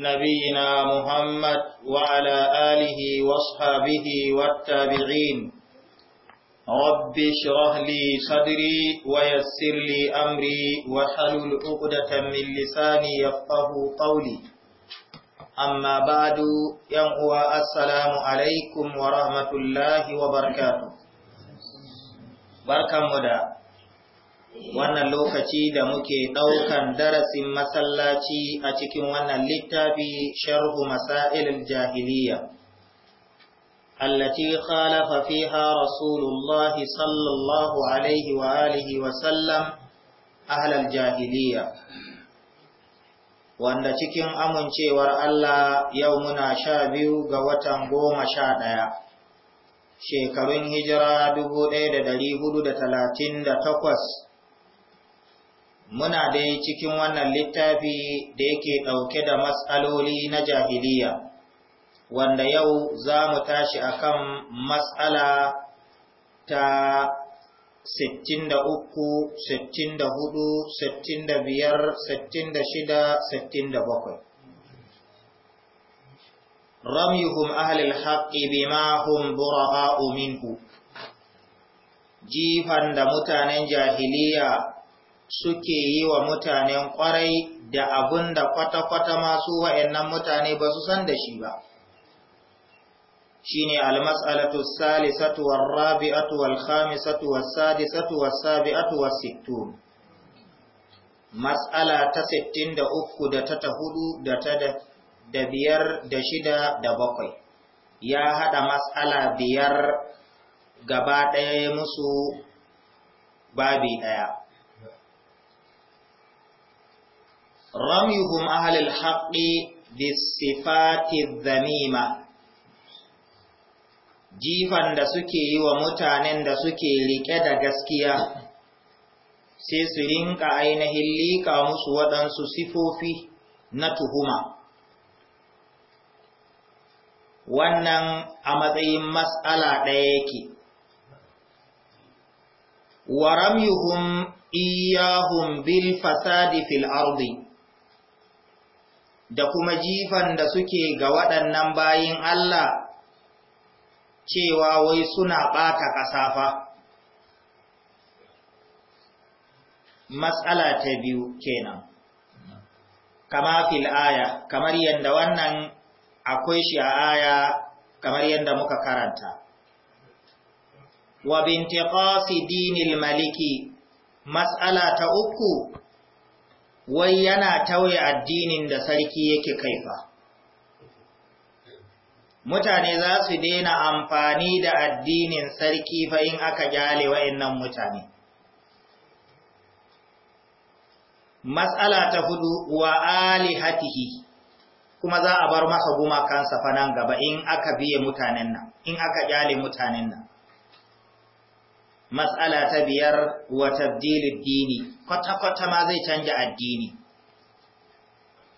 نبينا محمد وعلى آله واصحابه والتابعين رب اشرح لي صدري ويسر لي أمري وحلل العقدة من لساني يفقه قولي أما بعد ينقوى السلام عليكم ورحمة الله وبركاته بركة مدى wannan lokaci da muke ɗaukan darasin masallaci a cikin wannan littafi sharhu masailil jahiliya allati khalafa fiha rasulullahi sallallahu alaihi wa wa sallam ahlal jahiliya wanda cikin amincewar Allah yau muna sha biyu ga watan goma sha ɗaya shekarun hijira dubu ɗaya da ɗari hudu da talatin da takwas muna dai cikin wannan littafi da yake ɗauke da matsaloli na jahiliya, wanda yau za mu tashi akan matsala ta 63, 64, 65, 67. Ramyuhum ahlil haƙƙi bima hum bura'a'u minhu, jifan da mutanen jahiliya suke yi wa mutanen kwarai da abun da kwata-kwata masu wa'yannan mutane ba su san da shi ba. Shi ne almas'alatu salisatu wa rabi'atu wal khamisatu wa Sadi, wa sabi'atu tuwar Sittu. Mas'ala ta sittin da uku da ta ta da ta da biyar da shida da bakwai. Ya haɗa matsala biyar gaba ɗaya musu babi ɗaya. ramyuhum ahlil haqqi bisifati dhamima jifan da suke yi wa mutanen da suke rike da gaskiya sai su rinka ainihin liƙa musu waɗansu sifofi na tuhuma wannan a matsayin mas'ala ɗaya yake wa ramyuhum iyahum bil fasadi fil ardi da kuma jifan da suke ga waɗannan bayin Allah cewa wai suna ɓata ƙasafa. Matsala ta biyu kenan, kama fil aya, kamar yadda wannan akwai shi a aya kamar yadda muka karanta. Wa binti dinil maliki, matsala ta uku wai yana tauye addinin da sarki yake kaifa mutane za su daina amfani da addinin sarki fa in aka gyale wa'annan mutane matsala ta hudu wa alihatihi kuma za a bar masa gumakansa fa nan gaba in aka biye mutanen nan in aka gyale mutanen nan matsala ta biyar wa tabdilid dini kwata-kwata ma zai canja addini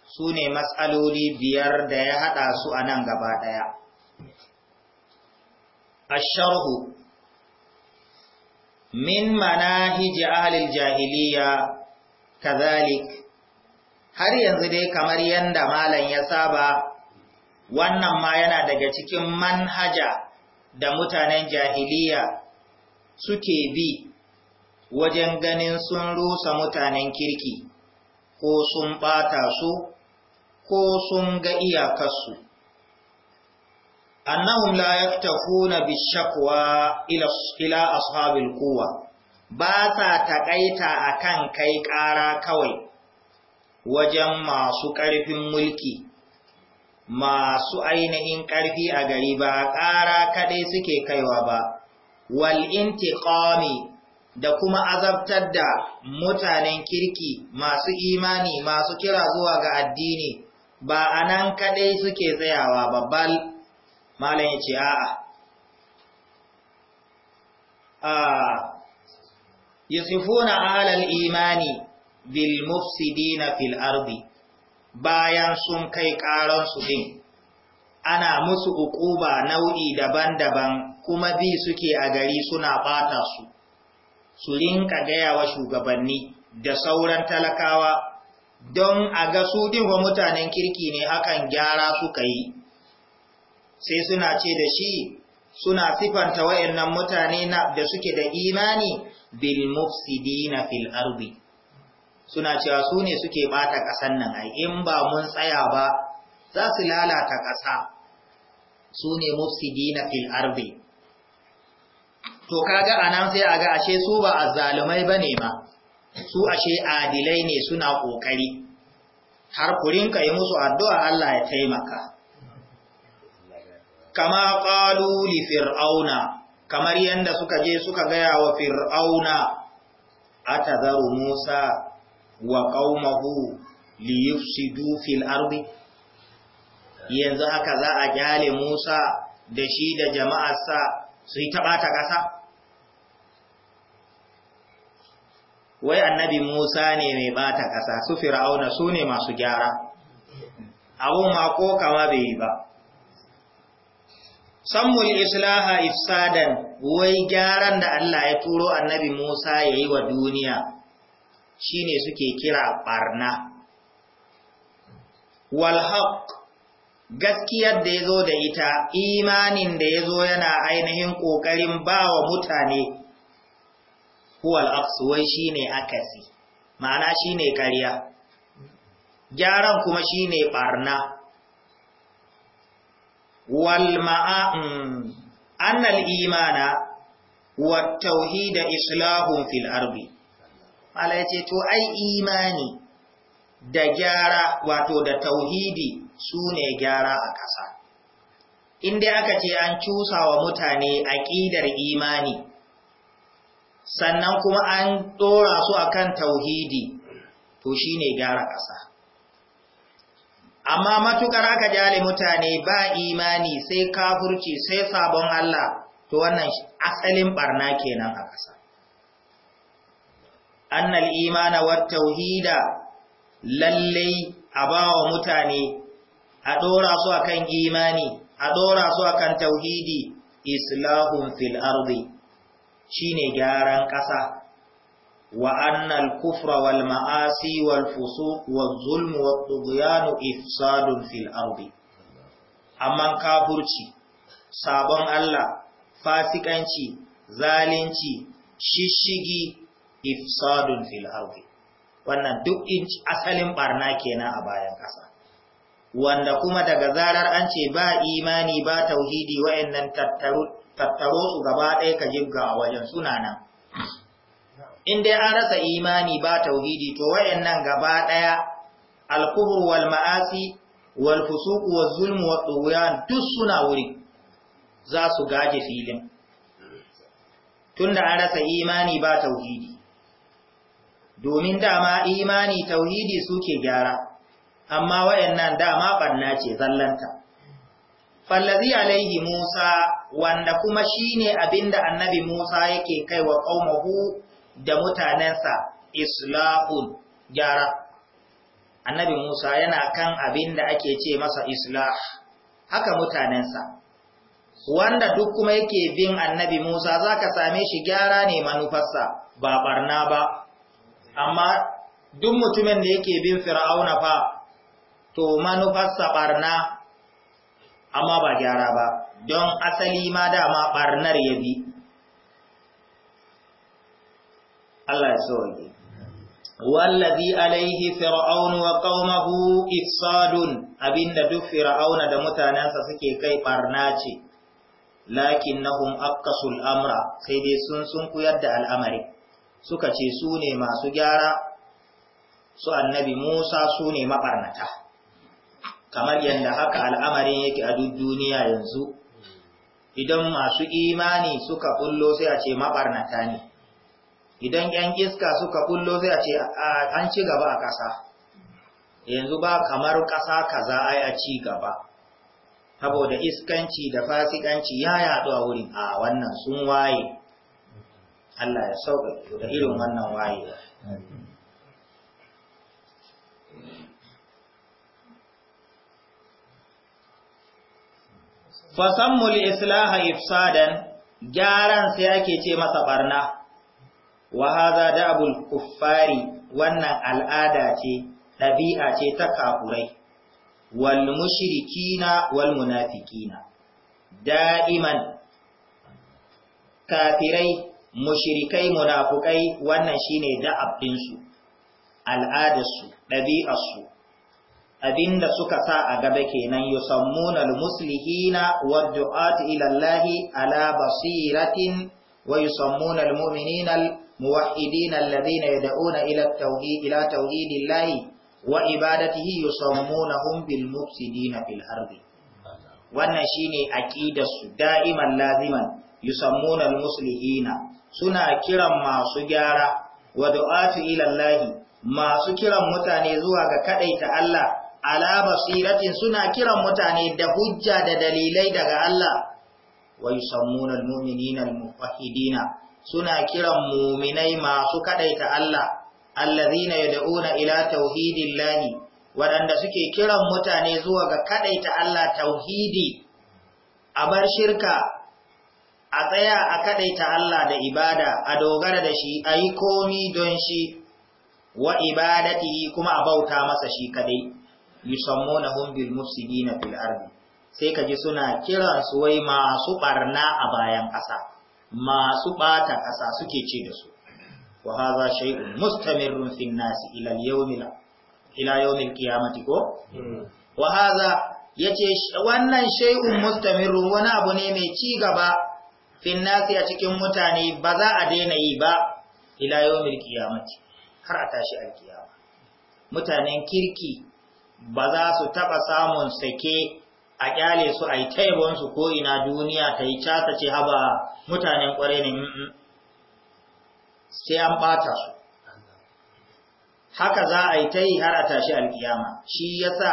Sune ne matsaloli biyar da ya haɗa su a nan gaba ɗaya asharhu min hiji ahalil jahiliya kazalik har yanzu dai kamar yadda malam ya saba wannan ma yana daga cikin manhaja da mutanen jahiliya suke bi wajen ganin sun rusa mutanen kirki ko sun ɓata su ko sun ga iyakarsu. annahum la yaftahuna bishakwa ila ila ashabil quwa ba sa takaita akan kai ƙara kawai wajen masu ƙarfin mulki masu ainihin ƙarfi a gari ba ƙara kaɗai suke kaiwa ba wal intiqami da kuma azabtar da mutanen kirki masu imani masu kira zuwa ga addini ba a nan kaɗai suke tsayawa babbal malam ya ce a'a a yusufuna alal imani bil mufsidina fil ardi bayan sun kai ƙaransu din ana musu uquba nau'i daban-daban kuma bi suke a gari suna bata su su rinka gaya wa shugabanni da sauran talakawa don a ga su dinwa mutanen kirki ne akan gyara suka yi sai suna ce da shi suna sifanta wayannan mutane da suke da imani bil mufsidina fil ardi suna cewa su ne suke bata ƙasan nan ai in ba mun tsaya ba za su lalata ƙasa su ne mufsidina fil arbi to kaga anan sai aga ashe su ba azzalumai bane ma su ashe adilai ne suna kokari har ku kai musu addu'a Allah ya taimaka kama qalu li fir'auna kamar yanda suka je suka gaya wa fir'auna atazaru musa wa qaumahu li yufsidu fil ardi yanzu haka za a gyale Musa da shi da jama'arsa su yi taɓata ƙasa? Wai annabi Musa ne mai ɓata ƙasa, su fir'auna su ne masu gyara, abun ma ko kama bai yi ba. sammul islaha ifsadan wai gyaran da Allah ya turo annabi Musa ya yi wa duniya shine suke kira barna. Walhaq gaskiyar da ya zo da ita imanin da ya zo yana ainihin ƙoƙarin ba wa mutane huwal aksuwai shi ne akasi ma'ana shi ne ƙarya gyaran kuma shi ne ɓarna wal ma'a'in mm, annal imana wa da islahun fil arbi ala ya to ai imani da gyara wato da tauhidi su ne gyara a ƙasa. Inda aka ce an cusa wa mutane aƙidar imani, sannan kuma an ɗora su akan tauhidi, to shi ne gyara ƙasa. Amma matuƙar aka jale mutane ba imani sai kafurci sai sabon Allah, to wannan asalin ɓarna kenan a ƙasa. Annal imana wa tauhida lallai a ba wa mutane a ɗora su a kan imani a ɗora su a kan tauhidi islahun fil ardi shine gyaran ƙasa wa annal kufra wal ma'asi wal fusuq wal zulm wa tughyan ifsadun fil ardi amma kafurci sabon Allah fasikanci zalunci shishigi ifsadun fil ardi wannan duk asalin barna kenan a bayan ƙasa wanda kuma daga zarar an ce ba imani ba tauhidi wayannan tattaro tattaro su gaba ɗaya ka jibga a wajen suna nan in dai an rasa imani ba tauhidi to wayannan gaba ɗaya alkubur wal ma'asi wal fusuku wal zulmu wal duk suna wuri za su gaje filin tunda an rasa imani ba tauhidi domin dama imani tauhidi suke gyara amma wayannan dama barna ce zallanta fallazi alaihi Musa wanda kuma shine abinda annabi Musa yake kai wa qaumahu da mutanensa islahun gyara annabi Musa yana kan abinda ake ce masa islah haka mutanensa wanda duk kuma yake bin annabi Musa zaka same shi gyara ne manufarsa ba barna ba amma duk mutumin da yake bin fir'auna fa to manufarsa barna amma ba gyara ba don asali ma dama barnar ya bi Allah ya sauke wallazi alaihi fir'aun wa qaumahu ifsadun abinda duk fir'auna da mutanansa suke kai barna ce lakinnahum aqasul amra sai dai sun sun kuyar da al'amari suka ce su ne masu gyara su annabi Musa su ne mabarnata kamar yadda haka al'amarin yake a duk duniya yanzu idan masu imani suka kullo sai a ce mabarnata ne idan ‘yan iska suka kullo sai a ce an ci gaba a ƙasa yanzu ba kamar ƙasa kaza za a ci gaba saboda iskanci da fasikanci ya yaɗu a wurin a wannan sun waye Allah ya sauƙa da irin wannan waye fasammul islaha ifsadan gyaran sai ake ce masa barna wa hadha da'bul kuffari wannan al'ada ce ɗabi'a ce ta kafurai wal mushrikina wal munafiqina da'iman kafirai mushrikai munafukai wannan shine da'ab din su al'adarsu ɗabi'arsu abinda suka sa a gaba kenan yusammuna almuslihina wad'at ila Allah ala basiratin wa yusammuna almu'minina almuwahhidina alladhina yad'una ila tawhid ila tawhidillah wa ibadatihi yusammunahum bilmufsidina fil ardi wannan shine aqidar su da'iman laziman yusammuna muslihina suna kiran masu gyara wa du'atu ila Allah masu kiran mutane zuwa ga kadaita Allah ala basiratin suna kiran mutane da hujja da dalilai daga Allah wa yusammuna almu'minina almuwahhidina suna kiran mu'minai masu kadaita Allah allazina yad'una ila tauhidillahi waɗanda suke kiran mutane zuwa ga kadaita Allah tauhidi a bar shirka a tsaya a kadaita Allah da ibada a dogara da shi ayi komi don shi wa ibadatihi kuma a bauta masa shi kadai hum bil mufsidina fil ardi sai kaji suna kira su wai masu barna a bayan ƙasa masu bata ƙasa suke ce da su wa hadha shay'un mustamirrun fil nas ila yawmil ila yawmil qiyamati ko hmm. wa hadha yace wannan shay'un mustamirru wani abu ne mai ci gaba fil nas a cikin mutane ba za a daina yi ba ila yawmil qiyamati har a tashi alkiyama mutanen kirki ba za su taɓa samun sake a kyale su a yi taibonsu ko ina duniya ta yi casa ce haba mutanen kware ne sai an ɓata su haka za a yi ta yi har a tashi alkiyama shi ya sa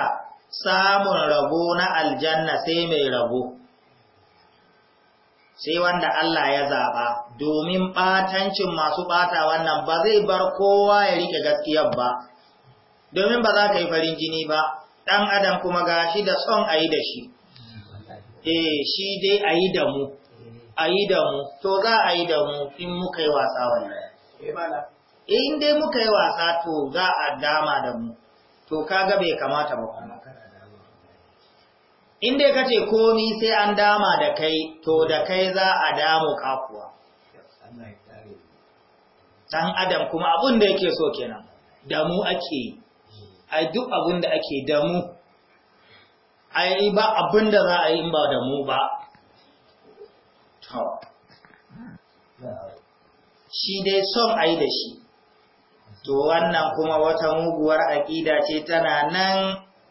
samun rabo na aljanna sai mai rabo sai wanda Allah ya zaɓa domin ɓatancin masu ɓata wannan ba zai bar kowa ya riƙe gaskiyar ba domin ba za ka yi farin jini ba ɗan adam kuma ga shi da son a yi da shi eh shi dai a yi da mu a yi da mu to za a yi da mu in muka yi wasa wannan eh, eh, in dai muka yi wasa to za a dama da mu to kaga bai kamata ba kuma in dai kace komi sai an dama da kai to da kai za a damu kakuwa dan adam kuma abun da yake so kenan da mu ake yi ai duk abin da ake damu ai ba abin da za a yi in ba damu ba shi dai son ai da shi to wannan kuma wata muguwar aƙida ce tana nan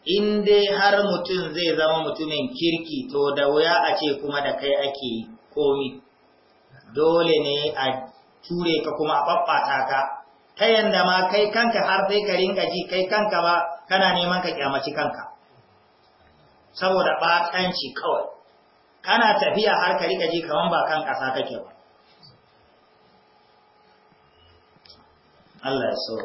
in dai har mutum zai zama mutumin kirki to da wuya a ce kuma da kai ake komi dole ne a ture ka kuma a ɓaɓɓata ka ta yanda ma kai kanka har sai ka rinka ji kai kanka ba kana neman ka kyamaci kanka saboda batanci kawai kana tafiya har ka rika ji kaman ba kan kasa kake ba Allah ya so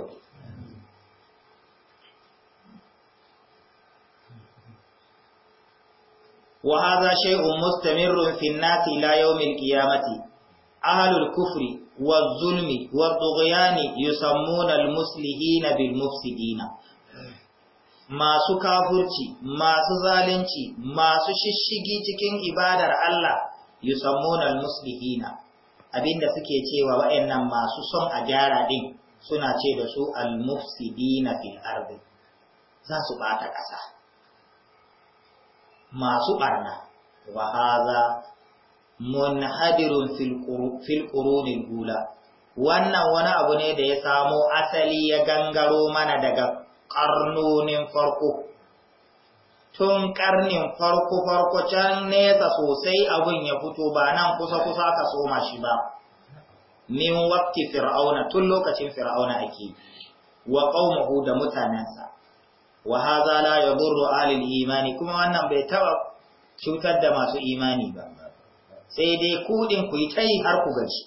wa hadha shay'un mustamirrun fi an-nasi ila yawm al-qiyamati ahlul kufri والظلم والطغيان يسمون المسلمين بالمفسدين masu kafurci masu zalunci masu shishigi cikin ibadar Allah yusammuna almuslihina abinda suke cewa waɗannan masu son a gyara din suna ce da su almufsidina fil ardi za su bata ƙasa masu barna wa haza munhadirun fil qurunil gula wannan wani abu ne da ya samo asali ya gangaro mana daga karnonin farko tun karnin farko farko can nesa sosai abun ya fito ba nan kusa kusa ka soma shi ba min waqti fir'auna tun lokacin fir'auna ake wa qaumuhu da mutanansa wa hadha la yadurru alil imani kuma wannan bai taba cutar da masu imani ba sai dai kuɗin ku yi tsayi har ku gaji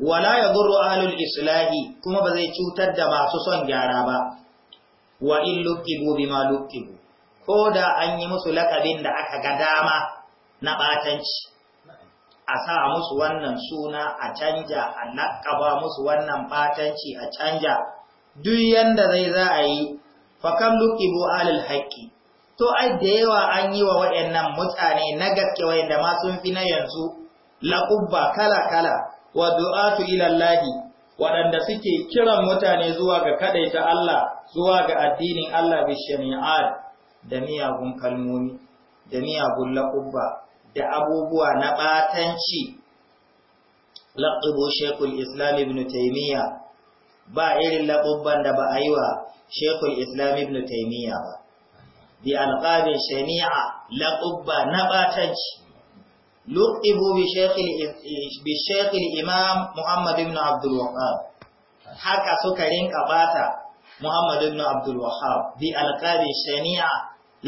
wala ya zurru ahlul islahi kuma ba zai cutar da masu son gyara ba wa in bi ma lukibu ko da an yi musu lakabin da aka ga dama na batanci a sa musu wannan suna a canja a lakaba musu wannan batanci a canja duk yanda zai za a yi fakan lukibu ahlul haqqi to ai da yawa an yi wa waɗannan mutane na gaske waɗanda ma sun fi na yanzu laƙubba kala-kala wa du'atu ilallahi waɗanda suke kiran mutane zuwa ga kaɗaita Allah zuwa ga addinin Allah bi shari'ar da miyagun kalmomi da miyagun laƙubba da abubuwa na ɓatanci laƙubo shekul islam ibn taimiyya ba irin laƙubban da ba a yi wa shekul islam ibn taimiyya ba bi alqabin shani'a laqabba na ɓatanci. luqibu bi shaykh bi shaykh imam Muhammad ibn Abdul haka suka rinka bata Muhammad ibn Abdul Wahhab bi alqabin shani'a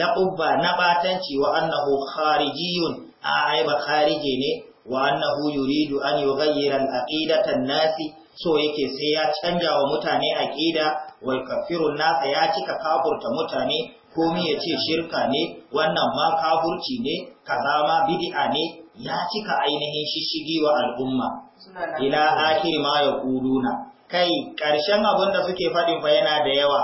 laqabba na ɓatanci. wa annahu kharijiyun a aiba kharije ne wa annahu yuridu an yi al-aqidata an-nasi so yake sai ya canja wa mutane aƙida wai kafirun nasa ya cika kafurta mutane komai ya ce shirka ne wannan ma kafurci ne kaza ma bid'a ne ya cika ainihin shishigi wa al'umma ila akhir ma ya yaquluna kai karshen abin da suke faɗin fa yana da yawa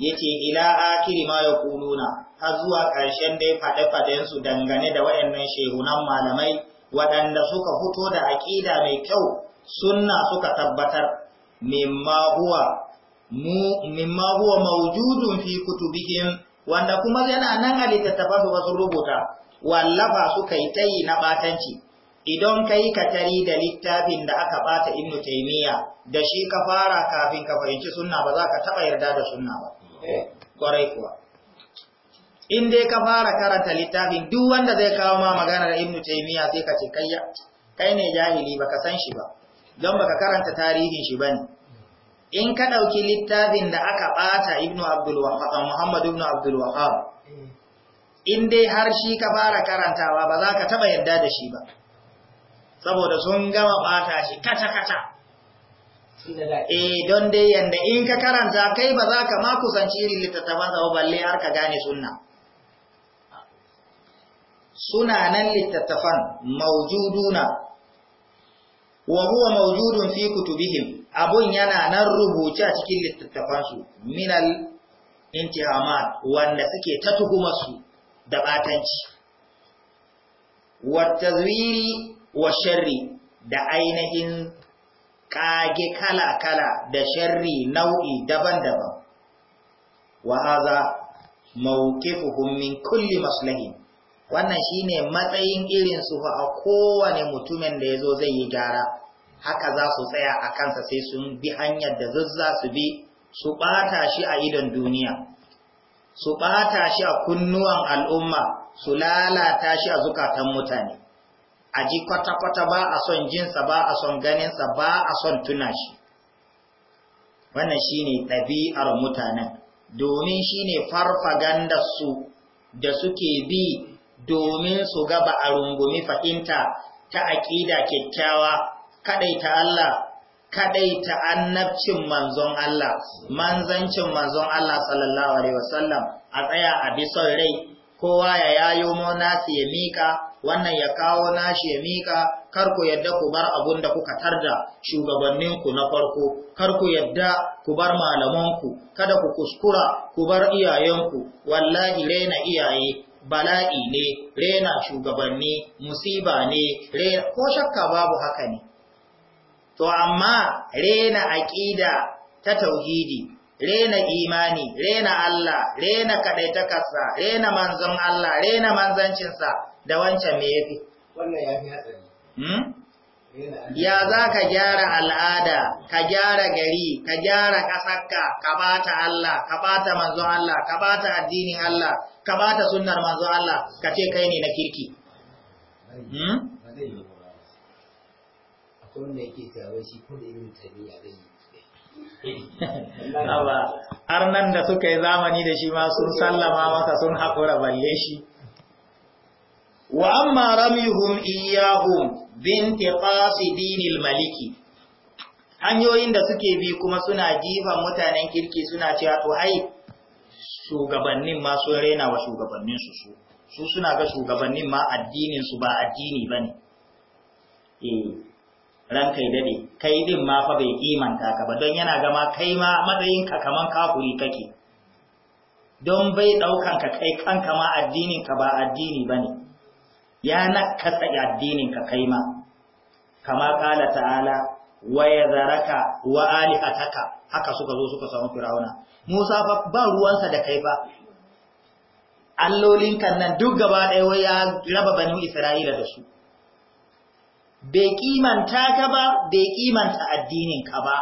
yace ila akhir ma ya yaquluna har zuwa ƙarshen dai faɗe-faɗen su dangane da waɗannan shehunan malamai waɗanda suka fito da aƙida mai kyau sunna suka tabbatar mimma huwa mu mimma huwa mawjudun fi kutubihim wanda kuma yana nan a littattafan su sun rubuta wallafa su kai tayi na batanci idan kai ka tari da littafin da aka bata ibnu taymiya da shi ka fara kafin ka fahimci sunna ba za ka taba yarda da sunna ba eh. kwarai kuwa in dai ka fara karanta littafin duk wanda zai kawo ma magana da ibnu taymiya sai ka ce kai ne jahili baka san shi ba don baka karanta tarihin shi bane in ka ɗauki littafin da aka ɓata ibnu abdulwahab muhammad ibnu abdulwahab in dai har shi ka fara karantawa ba za ka taɓa yadda da shi ba saboda sun gama ɓata shi kata-kata eh don dai yanda in ka karanta kai ba za ka ma kusanci irin littattafan sa balle har ka gane sunna suna nan littattafan mawjuduna wa huwa mawjudun fi kutubihim abun yana nan rubuce a cikin littattafansu minal intihamat wanda suke ta tuhumarsu da batanci tazwiri wa sharri da ainihin kage kala-kala da sharri nau'i daban-daban wa haza mawqifuhum min kulli maslahin wannan shine matsayin irin su a kowane mutumin da ya zo zai yi gyara haka za su tsaya a kansa sai sun bi hanyar da zazza su bi su ɓata shi a idon duniya su ɓata shi a kunnuwan al'umma su lalata shi a zukatan mutane a ji kwata-kwata ba a son jinsa ba a son ganinsa ba a son tuna shi wannan shi ne ɗabi'ar mutanen domin shi ne farfagandarsu da suke bi domin su gaba a rungumi fahimta ta aƙida kyakkyawa kadaita Allah kadaita annabcin manzon Allah manzancin manzon Allah sallallahu alaihi wasallam a tsaya a bisan rai kowa ya yayo nasi ya mika wannan ya kawo nashi ya mika kar ku yadda ku bar abun da kuka tarda shugabanninku na farko kar ku yadda ku bar malamanku kada ku kuskura ku bar iyayenku wallahi rena iyaye bala'i ne, rena shugabanni, musiba ne, ko shakka babu haka ne. To amma rena aƙida ta tauhidi, rena imani, rena Allah, rena kaɗaitakarsa, rena manzon Allah, rena manzancinsa da wancan me ya fi hmm? Ya za ka gyara al'ada, ka gyara gari, ka gyara ƙasarka, ka bata Allah, ka bata manzon Allah, ka bata addinin Allah, ka bata sunnar manzon Allah, ka ce kai ne na kirki. Hmm? wanda da arnan da suka yi zamani da shi ma sun sallama masa sun haƙura balle shi wa amma ramihum iyahum bin tiqasi dinil maliki hanyoyin da suke bi kuma suna jifan mutanen kirki suna cewa to ai shugabannin ma sun rena wa shugabannin su su su suna ga shugabannin ma addinin su ba addini bane eh Ran kai daɗe, kai din ma fa bai kimanta ka ba don yana gama kai ma matsayin ka kaman kafuri kake don bai daukan ka kai kanka ma addinin ka ba addini bane ya nakasa addinin ka kai ma kama kala ta'ala wa yadharaka wa Ataka, haka suka zo suka samu firawuna Musa fa ba ruwansa da kai ba. allolin kan nan duk gaba ɗaya wai ya raba banin Isra'ila da su bai kimanta ka ba bai kimanta addinin ka ba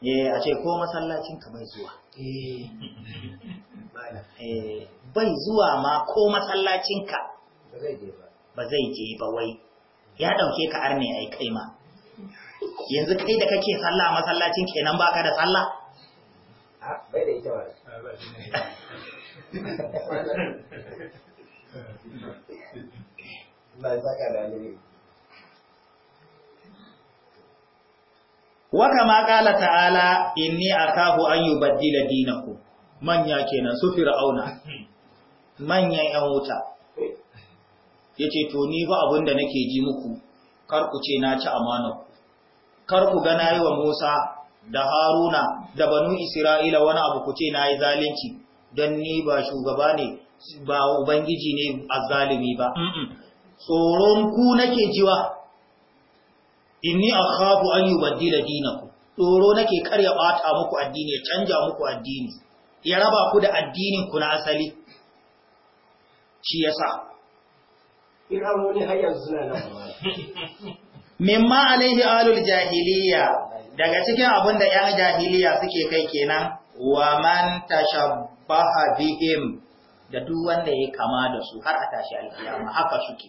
eh a ce ko masallacin ka bai zuwa eh, eh bai zuwa ma ko masallacin ka ba zai je ba wai ya dauke ka arne ai kai ma yanzu kai da kake sallah masallacin kenan baka da sallah bai da ita ba waka ma wa kama qala ta'ala inni akahu an yubaddila dinakum manya kenan su fir'auna manyan yan wuta yace to ni ba abin da nake ji muku kar ku ce na ci amanaku, kar ku ga nayi wa Musa da Haruna da banu Isra'ila wani abu ku ce nayi zalunci dan ni ba shugaba ne ba ubangiji ne azzalimi ba tsoron ku nake jiwa inni akhafu an yubaddila dinakum tsoro nake karya bata muku addini ya canja muku addini ya raba ku da addinin ku na asali shi yasa irawuni hayyan nan mimma alaihi alul jahiliya daga cikin abin da yan jahiliya suke kai kenan wa man tashabbaha bihim da duk wanda ya kama da su har a tashi alkiyama haka suke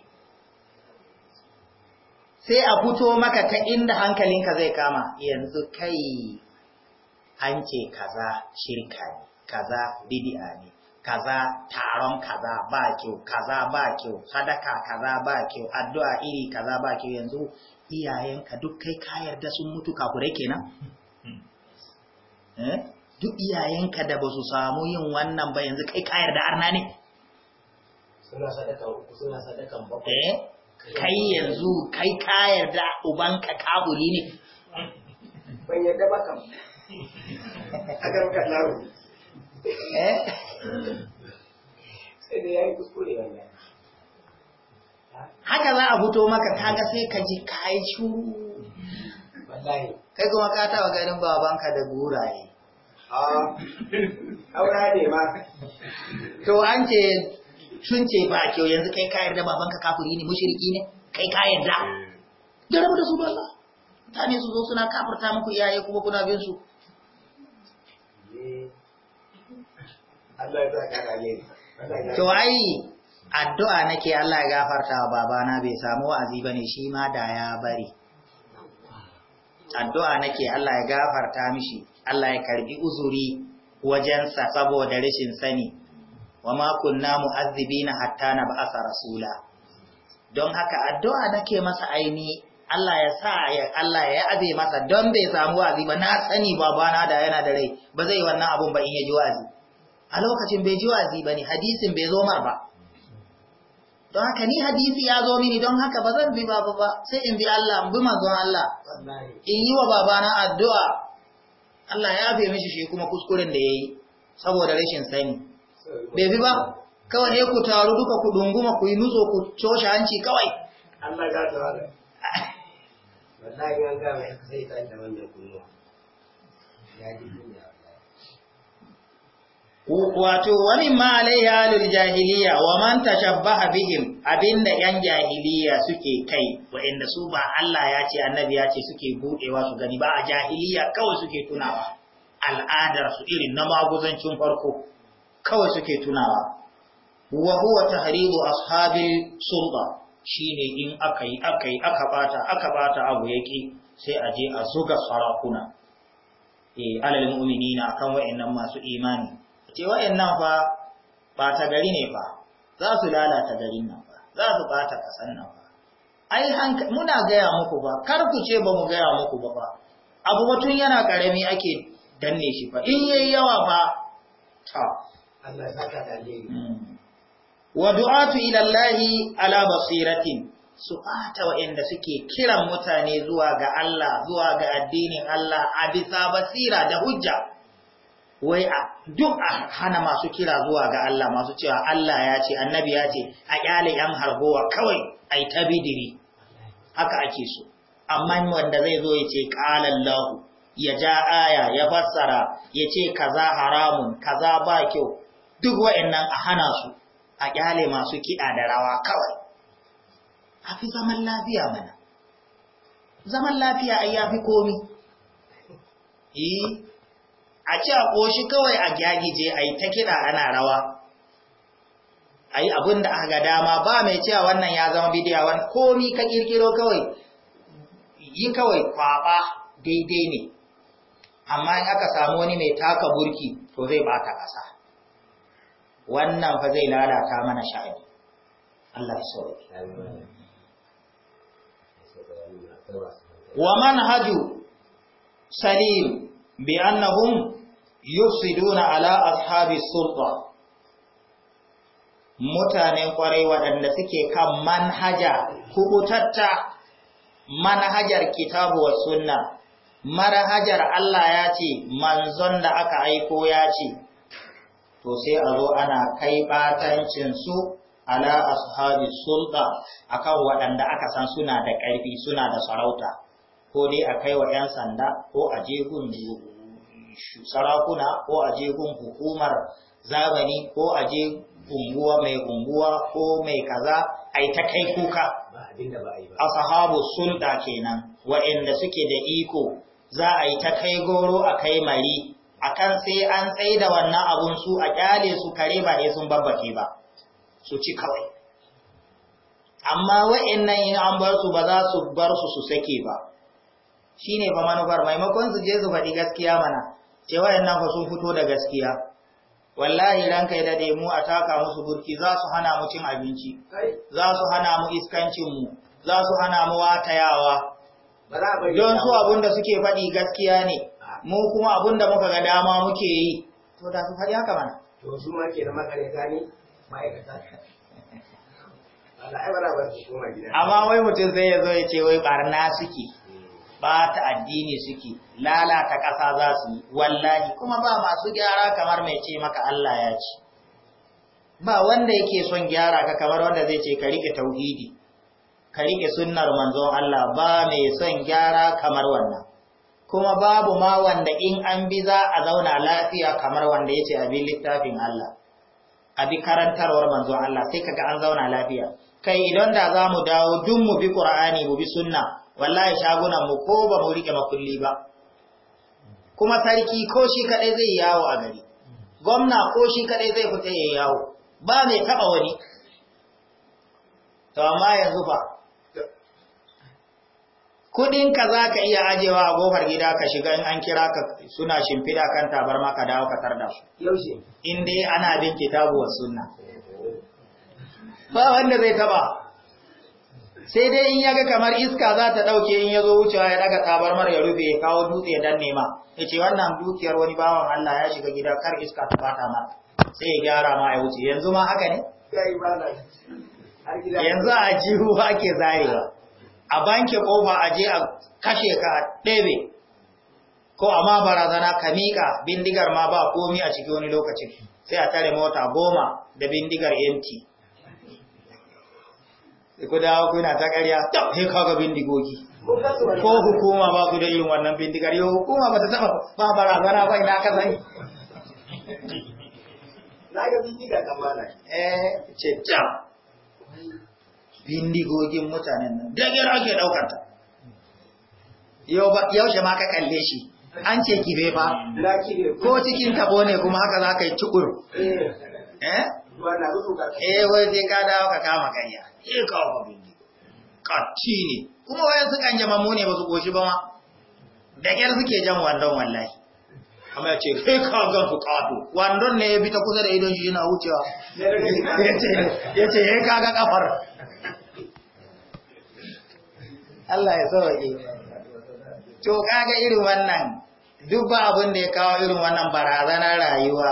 sai a fito maka ta inda hankalinka zai kama yanzu kai an ce kaza shirka ne kaza bid'a ne kaza taron kaza ba kyau kaza ba kyau sadaka kaza ba kyau addu'a iri kaza ba kyau yanzu iyayenka duk kai ka yarda sun mutu kafure kenan eh? duk iyayenka da basu samu yin wannan ba yanzu kai ka yarda arna ne suna sadaka uku suna sadakan bakwai eh? kai yanzu kai ka yarda ubanka kaburi ne ban yarda ba kam a kan laro eh sai da yayi kuskure wannan haka za a fito maka kaga sai ka ji kai shuru wallahi kai kuma ka taba ganin babanka da guraye a ah. aura ne ma to an ce sun ce ba kyau yanzu kai ka yarda babanka kafiri ne mushriki ne kai ka yarda da eh. rabu da su da Allah mutane su zo suna kafirta muku iyaye kuma kuna bin su eh. Allah ya sa ka to ai addu'a nake Allah ya gafarta wa babana bai samu wa'azi bane shi ma da ya bari addu'a nake Allah ya gafarta mishi Allah ya karbi uzuri wajensa saboda rashin sani wa ma kunna mu'azzibina hatta na ba'asa rasula don haka addu'a nake masa aini Allah ya sa ya Allah ya abe masa don bai samu wazi ba na sani babana da yana da rai ba zai wannan abun ba in ya ji wazi. a lokacin bai ji wazi ba ne hadisin bai zo mar ba don haka ni hadisi ya zo mini don haka ba zan bi baba ba sai in bi Allah in bi manzon Allah in yi wa babana addu'a Allah ya abe mishi shi kuma kuskuren da ya yi saboda rashin sani bai ba kawai ne ku taru duka ku dunguma ku yi nutso ku coci hanci kawai Allah ya ta wada wallahi an ga mai sai ta da wannan ya ji wato wani ma alaihi jahiliya wa man tashabbaha bihim abinda yan jahiliya suke kai wa'inda su ba Allah ya ce annabi ya ce suke budewa su gani ba a jahiliya kawai suke tunawa al'adar su irin na maguzancin farko kawai suke tunawa wa huwa tahribu ashabil sulba shine in akai akai aka bata aka bata abu yake sai a je a zuga sarakuna eh alal mu'minina akan wayannan masu imani ce wayannan fa ba ta gari ne ba. za su lalata garin nan ba. za su bata kasan nan ba. ai muna gaya muku ba kar ku ce ba mu gaya muku ba ba abu batun yana karami ake danne shi fa in yayi yawa ba, ta Allah ya saka da alheri hmm. wa du'atu ila Allah ala basiratin su ata wa'anda suke kiran mutane zuwa ga Allah zuwa ga addinin Allah a bisa basira da hujja wai a duk a hana masu kira zuwa ga Allah masu cewa Allah ya ce annabi ya ce a kyale yan harbowa kawai ai ta bidiri haka ake so amma wanda zai zo ya ce lahu ya ja aya ya fassara ya ce kaza haramun kaza ba kyau duk wa'annan a hana su a kyale masu kiɗa da rawa kawai a fi zaman lafiya mana zaman lafiya ai ya fi komi yi eh, a ci a ƙoshi kawai a gyagije a yi ta kiɗa ana rawa a yi abin da aka dama ba mai cewa wannan ya zama bidiya wani komi ka ƙirƙiro kawai yi kawai kwaɓa daidai ne amma in aka samu wani mai taka burki to zai bata ƙasa wannan fa zai lalata mana sha'ani Allah ya sauke wa manhaju salim bi annahum yufsiduna ala ashabi sulta mutanen kwarai waɗanda suke kan manhaja kubutatta manhajar kitabu wa sunna manhajar Allah ya ce manzon da aka aiko ya ce to sai a zo ana kai batancin su ala ashabi sulta akan waɗanda aka san suna da ƙarfi suna da sarauta ko dai a kai wa 'yan sanda ko a jehun sarakuna ko a jehun hukumar zamani ko a je unguwa mai unguwa ko mai kaza ai ta kai kuka A sahabu sulta kenan waɗanda suke da iko za a yi ta kai goro a kai mari akan sai an tsaye da wannan abun su a kyale su kare ba sun babbake ba su ci kawai amma wa'annan in an bar su ba za su bar su su sake ba shine fa manufar maimakon su je su faɗi gaskiya mana ce wa'annan fa sun fito da gaskiya wallahi ran kai da mu a taka musu burki za su hana mu cin abinci za su hana mu iskancin mu za su hana mu watayawa don su da suke faɗi gaskiya ne mu kuma abinda muka ga dama muke yi to da su haka mana to su ma ke da ma'aikata amma wai mutum zai ya zo ya ce wai barna suke ba ta addini suke lalata ƙasa za su yi wallahi kuma ba masu gyara kamar mai ce maka Allah ya ci ba wanda yake son gyara ka kamar wanda zai ce ka riƙe tauhidi ka riƙe sunnar manzon Allah ba mai son gyara kamar wannan kuma babu ma wanda in an bi za a zauna lafiya kamar wanda ya ce a bi littafin Allah, a bi karantarwar manzon Allah sai kaga an zauna lafiya. Kai idan da za mu dawo duk mu bi Ƙur'ani mu bi sunna, wallahi shagunan mu ko ba mu riƙe makulli ba. Kuma sarki ko shi kaɗai zai yawo a gari, gwamna ko shi kaɗai zai fita yayi yawo, ba mai taɓa wani. To amma yanzu fa, kudin ka za ka iya ajewa a gofar gida ka shiga in an kira ka suna shimfida kan tabar maka dawo ka tarda su in dai ana bin kitabu wa sunna ba wanda zai taba sai dai in yaga kamar iska za ta dauke in ya zo wucewa ya daga tabar ya rufe ya kawo dutse dan nema ya ce wannan dukiyar wani bawan Allah ya shiga gida kar iska ta fata ma sai ya gyara ma ya wuce yanzu ma haka ne yanzu a jihu ake zarewa a banke kofa a je a kashe ka a ɗebe ko a ma barazana ka miƙa bindigar ma ba komi a ciki wani lokacin sai a tare mota goma da bindigar empty ku dawo kuna ta ƙarya ta sai kaga bindigogi ko hukuma ba ku da yin wannan bindigar yau hukuma ba ta taɓa ba barazana ba ina ka sani na ga bindigar kamar eh ce jam bindigogin mutanen nan dagiyar ake yau yaushe ma ka kalle shi an ce kibe ba ko cikin tabo ne kuma haka za ka yi cikur eh. Eh? eh wai sai ka dawo ka kama kanya eh kawo bindigo kacci ne kuma wayan su kan jamammu ne ba su koshi ba ma da kyar suke jan wandon wallahi amma ya ce kai ka gan bukatu Wannan ne ya bi ta kusa da idon shi yana wucewa ya ce ya ka ga kafar Allah ya sauke to kaga irin wannan duk ba abin da ya kawo irin wannan barazanar rayuwa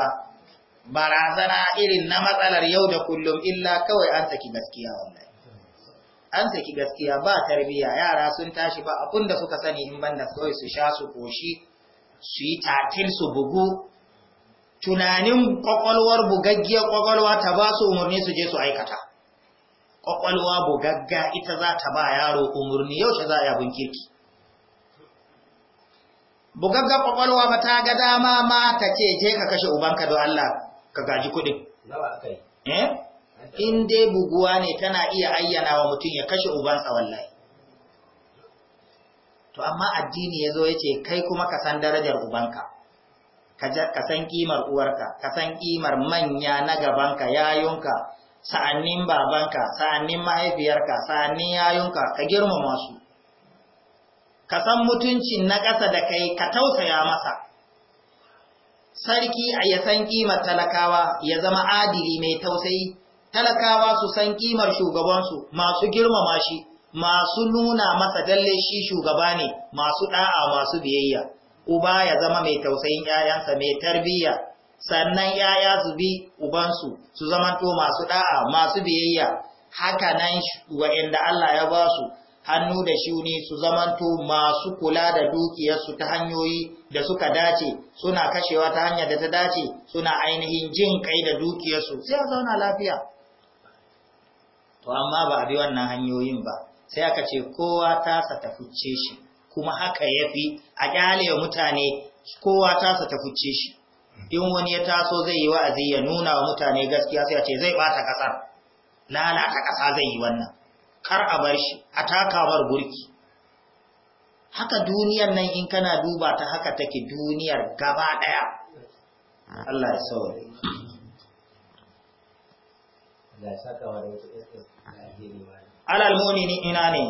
barazana irin na matsalar yau da kullum illa kawai an saki gaskiya wallahi an saki gaskiya ba tarbiya yara sun tashi ba abin da suka sani in banda kawai su sha su koshi su yi tatil su bugu tunanin kwakwalwar bugaggiyar kwakwalwa ta ba su umarni su je su aikata kwakwalwa bugagga ita za ta ba yaro umarni yaushe za a yabin kirki bugagga kwakwalwa ba ta ga dama ma ta ce je ka kashe ubanka don Allah ka gaji kudin eh? in dai buguwa ne tana iya ayyana wa mutum ya kashe ubansa wallahi to amma addini ya zo ya ce kai kuma ka san darajar ubanka ka san kimar uwarka ka san kimar manya na gabanka yayunka sa'annin babanka sa'annin mahaifiyarka sa'annin yayunka ka girmama su ka san mutuncin na ƙasa da kai ka tausaya masa sarki a ya san kimar talakawa ya zama adili mai tausayi talakawa su san kimar shugabansu masu girmama shi masu nuna masa dalle shi shugaba ne masu da'a masu biyayya uba ya zama mai tausayin 'ya'yansa mai tarbiyya sannan 'ya'ya su bi ubansu su zamanto masu da'a masu biyayya haka nan inda Allah ya ba su hannu da shuni su zamanto masu kula da dukiyarsu ta hanyoyi da suka dace suna kashewa ta hanyar da ta dace suna ainihin jin kai da dukiyarsu sai a zauna lafiya to amma ba a bi wannan hanyoyin ba sai aka ce kowa tasa ta fice shi kuma haka yafi a kyale mutane kowa tasa ta fice shi in wani ya taso zai yi wa'azi ya nuna wa mutane gaskiya sai a ce zai bata kasar lalata kasa zai yi wannan kar a bar shi a takawar gurki. haka duniyar nan in kana duba ta haka take duniyar gaba ɗaya. Allah ya saurare Allah ya saka wa da wata iskar da ake alal mu'mini ina ne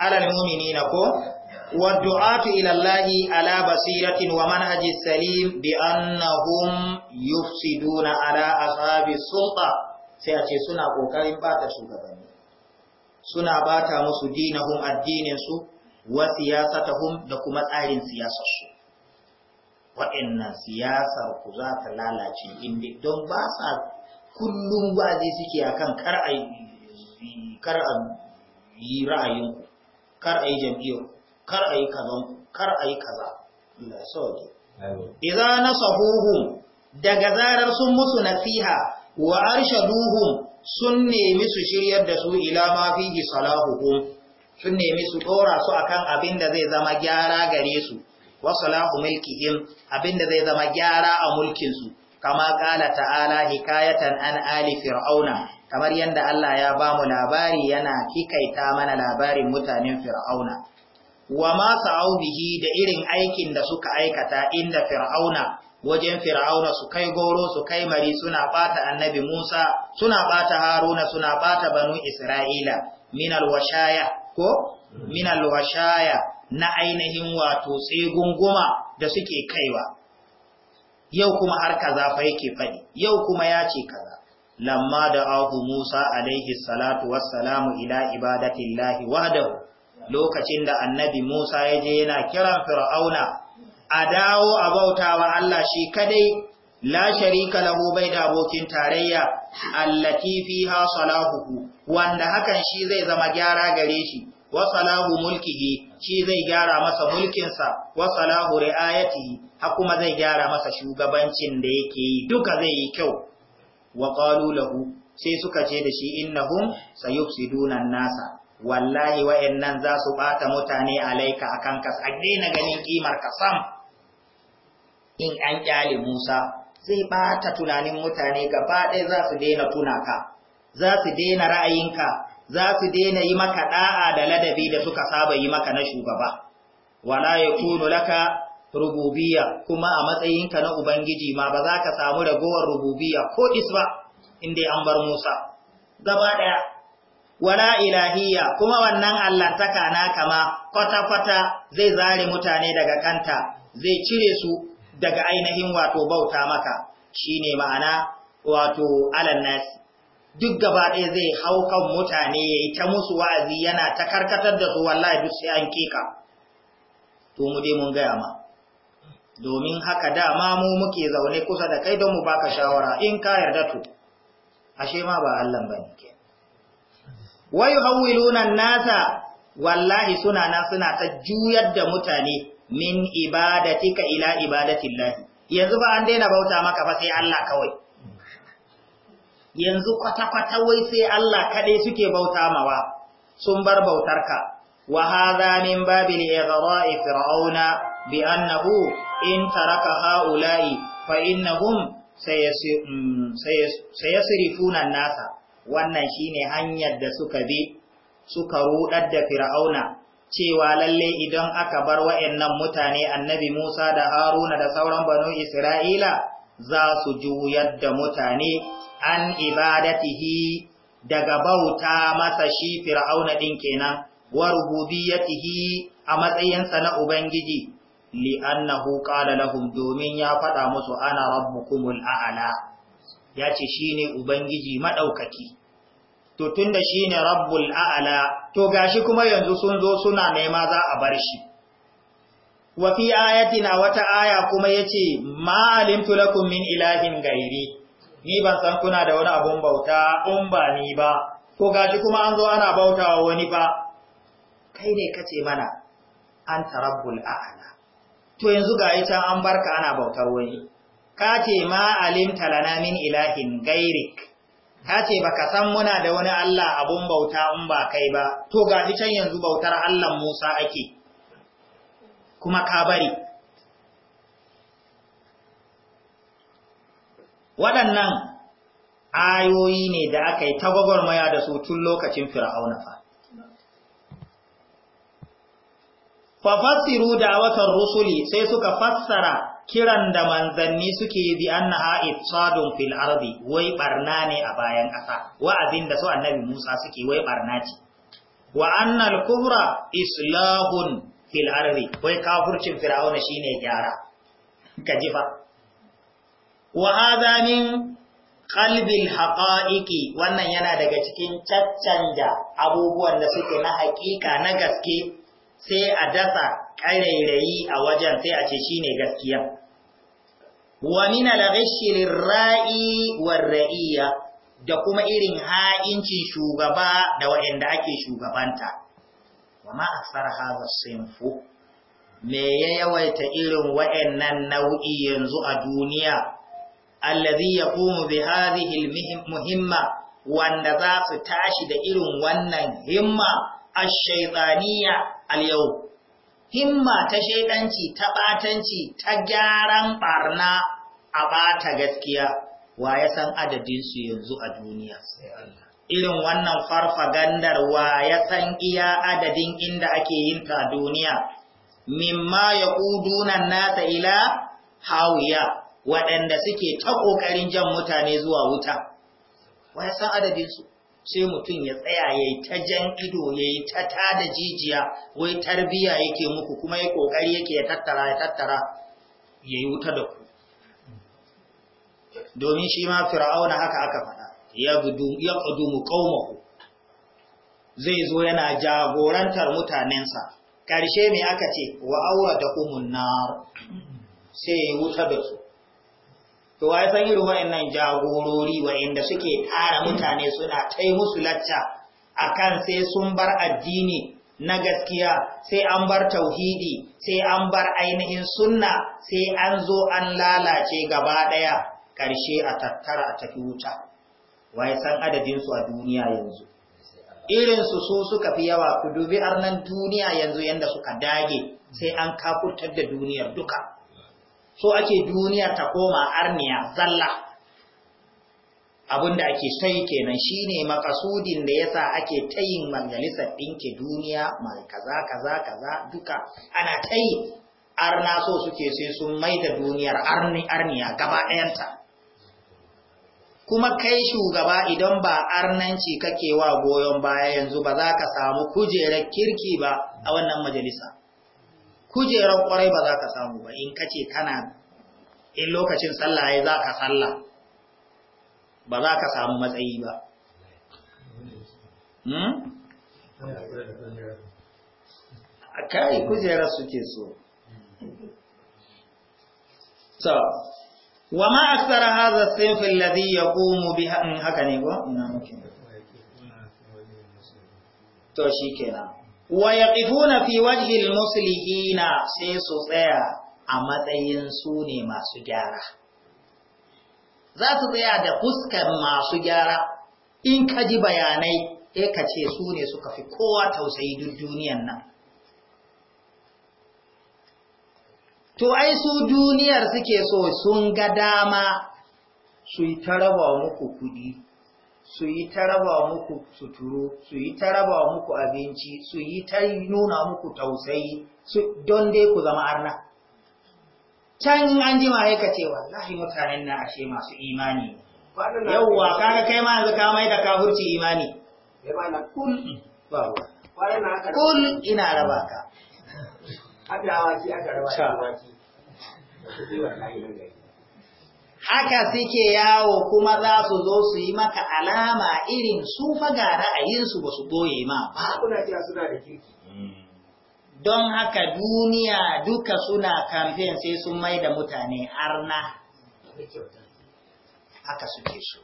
alal mu'mini na ko wa ila Allah ala basiratin wa manhaji salim bi annahum yufsiduna ala ashabi sulta sai a ce suna kokarin bata shugabanni suna bata musu dinahum addinin su wa siyasatahum da kuma tsarin siyasar su wa'annan siyasar ku za ta lalace inda don ba sa kullum waje suke akan kar a kar a yi ra'ayinku kar a yi jam'iyyar kar a yi kazan kar a yi kaza da ya Iza na sahuhu. daga zarar sun musu nasiha wa arshaduhum sun nemi su shiryar da su ila ma fihi salahuhum sun nemi su dora su akan abin da zai zama gyara gare su wa salahu mulkihim abin da zai zama gyara a mulkin su kama ƙala ta'ala hikayatan an ali fir'auna kamar yadda Allah ya ba mu labari yana hikaita mana labarin mutanen fir'auna wa ma aubihi da irin aikin da suka aikata inda fir'auna wajen fir'auna su kai goro su kai mari suna bata annabi Musa suna bata Haruna suna bata banu Isra'ila min alwashaya ko min alwashaya na ainihin wato tsegunguma da suke kaiwa yau kuma har kaza fa yake faɗi yau kuma ya ce kaza lamma da ahu Musa alaihi salatu wassalamu ila ibadatillahi wahdahu lokacin da annabi Musa ya je yana kiran Fir'auna a dawo a bautawa Allah shi kadai la sharika lahu bai da abokin tarayya allati fiha salahuhu wanda hakan shi zai zama gyara gare shi wa salahu mulkihi shi zai gyara masa mulkinsa wa salahu ri'ayatihi a kuma zai gyara masa shugabancin da yake yi duka zai yi kyau wa qalu lahu sai suka ce da shi innahum sayufsiduna nasa wallahi wa'annan za su bata mutane alaika akan kas a daina ganin ƙimar ka sam in an kyale Musa zai bata tunanin mutane gaba ɗaya za su daina tuna ka za su daina ra'ayinka za su daina yi maka ɗa'a da ladabi da suka saba yi maka na shugaba wala yakunu laka rububiyya kuma a matsayinka na Ubangiji ma ba za ka samu ragowar rububiyya ko isba inda an bar Musa. Gaba ɗaya, wala ilahiyya kuma wannan allantaka na kama kwata-kwata zai zare mutane daga kanta zai cire su daga ainihin wato bauta maka shine ma'ana wato alannas. Duk gaba ɗaya zai hau kan mutane ya yi ta musu wa'azi yana ta karkatar da su wallahi duk sai an keka. to mu dai mun gaya ma domin haka dama mu muke zaune kusa da kai don mu baka shawara in ka yarda to ashe ma ba Allah bane ke wayu hawiluna nasa wallahi suna na suna ta juyar da mutane min ka ila ibadatillahi yanzu ba an daina bauta maka fa sai Allah kawai yanzu kwata-kwata wai sai Allah kaɗai suke bauta mawa sun bar bautarka wa hadha min babil ighra'i fir'auna bi annahu in taraka ha'ula'i fa innahum mm, sayasrifuna nasa wannan shine hanyar da suka bi suka rudar da fir'auna cewa lalle idan aka bar wa'annan mutane annabi Musa da Haruna da sauran banu Isra'ila za su juyar da mutane an ibadatihi daga bauta masa shi fir'auna din kenan wa tihi a matsayinsa na ubangiji لأنه قال lahum domin ya faɗa musu ana rabbukumul a'la yace shine ubangiji madaukaki to tunda shine rabbul a'la to gashi kuma yanzu sun zo suna nema za a bar shi wa fi ayatin wata aya kuma yace ma alimtu lakum min ilahin gairi ni ban san kuna da wani abun bauta in ba ni ba ko gashi kuma an zo ana bautawa wani ba kai ne kace mana anta rabbul a'la to yanzu ga ita an barka ana bautar wani ka ce ma alimta lana min ilahin gairik ka ce ba ka san muna da wani Allah abun bauta in ba kai ba, to ga can yanzu bautar Allah Musa ake, kuma ka bari. Waɗannan ayoyi ne da aka yi tagwagwarmaya da su tun lokacin fir'auna fa. fafassiru watan rusuli sai suka fassara kiran da manzanni suke bi annaha ifsadun fil ardi wai barna ne a bayan ƙasa wa'azin da su annabi Musa suke wai barna ce wa annal kubra islahun fil ardi wai kafurcin fir'auna shine gyara kajifa wa hadha qalbil haqa'iqi wannan yana daga cikin caccanja abubuwan da suke na haƙiƙa na gaske sai a dasa ƙarairayi a wajen sai a ce shi ne gaskiya. Wa min al ra'i wa da kuma irin ha'incin shugaba da waɗanda ake shugabanta. Wa ma asar hadha sinfu me ya yawaita irin waɗannan nau'i yanzu a duniya allazi kuma bi hadhihi muhimma wanda za su tashi da irin wannan himma A shaytaniyya al-yau himma ta shaidanci ta ɓatanci, ta gyaran ɓarna a ɓata gaskiya wa ya san adadin yanzu a duniya irin wannan farfagandar wa ya san iya adadin inda ake yin ta duniya mimma yaquduna nasa ila hawiya waɗanda suke ta ƙoƙarin jan mutane zuwa wuta wa ya san adadin sai mutum ya tsaya ya yi ta jan ido ya yi ta tada jijiya wai tarbiya yake muku kuma ya kokari yake ya tattara ya tattara ya yi wuta da ku domin shi ma fir'auna haka aka faɗa ya gudu ƙudumu ku. zai zo yana jagorantar mutanensa Karshe ne aka ce wa aura da nar sai ya wuta da su to wai san irin wa'annan jagorori wa'anda suke tara mutane suna tai musu lacca akan sai sun bar addini na gaskiya sai an bar tauhidi sai an bar ainihin sunna sai an zo an lalace gaba daya karshe a tattara a tafi wuta wai san adadin su a duniya yanzu irin su su suka fi yawa ku dubi arnan duniya yanzu yanda suka dage sai an kafurtar da duniyar duka so ake duniya ta koma arniya zalla abinda ake sai kenan shine makasudin da yasa ake tayin majalisar dinke duniya mai kaza kaza kaza duka ana tayi arna so suke sai sun maida duniyar arni arniya gaba ɗayanta kuma kai shugaba idan ba arnanci kake wa goyon baya yanzu ba za ka samu kujerar kirki ba a wannan majalisa kujerar kwarai ba za ka samu ba in kace kana in lokacin sallah ya za ka sallah ba za ka samu matsayi ba a hmm? kai kujerar suke so so wa ma aksara haza sayf alladhi yaqumu bi hmm, haka ne ba ina muke to shikenan wa yaqifuna fi wajhi al-muslihina sai su tsaya a matsayin su ne masu gyara za su tsaya da fuskar masu gyara in ka ji bayanai sai ka ce su ne suka fi kowa tausayi duk duniyan nan to ai su duniyar suke so sun ga dama su yi ta raba muku kuɗi? su yi ta raba muku suturu su yi ta raba muku abinci su yi ta nuna muku tausayi don dai ku zama arna can an ji ka cewa lahi mutanen na ashe masu imani yauwa kaga kai ma yanzu ka mai da kafurci imani kul ina raba ka aka raba haka suke yawo kuma za su zo su yi maka alama irin su faga ra'ayinsu ba su goye ma ba. Don haka duniya duka suna kamfen sai sun mai da mutane arna. Haka suke su.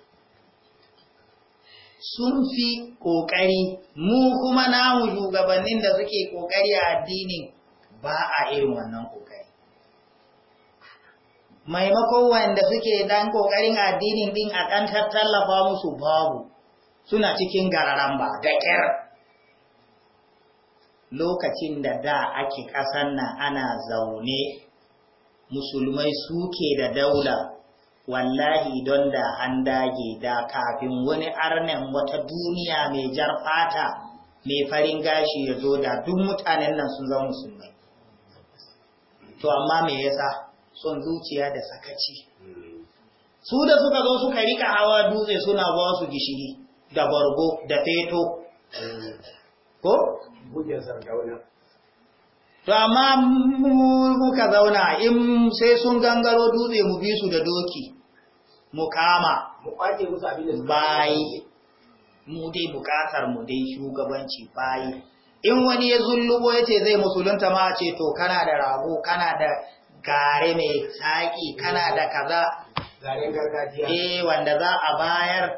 Sun fi ƙoƙari, mu kuma namu shugabannin da suke ƙoƙari a addinin ba a irin wannan ƙoƙari. maimakon wanda suke dan kokarin addinin din a ɗan tallafa musu babu suna cikin gararan ba da ƙyar lokacin da da ake ƙasan nan ana zaune musulmai suke da daula wallahi don da an dage da kafin wani arnen wata duniya mai jar fata mai farin gashi ya zo da duk mutanen nan sun zama musulmai to amma me yasa son zuciya da sakaci hmm. su da suka zo suka rika hawa dutse suna ba su gishiri da bargo da feto ko? to amma muka zauna in sai sun gangaro dutse mu bi su da doki mu kama mu musu abin da bayi mu dai bukatar mu dai shugabanci bayi in wani ya zullubo ya ce zai musulunta ma ce to kana da rago kana da gare mai saƙi kana da kaza eh wanda za a bayar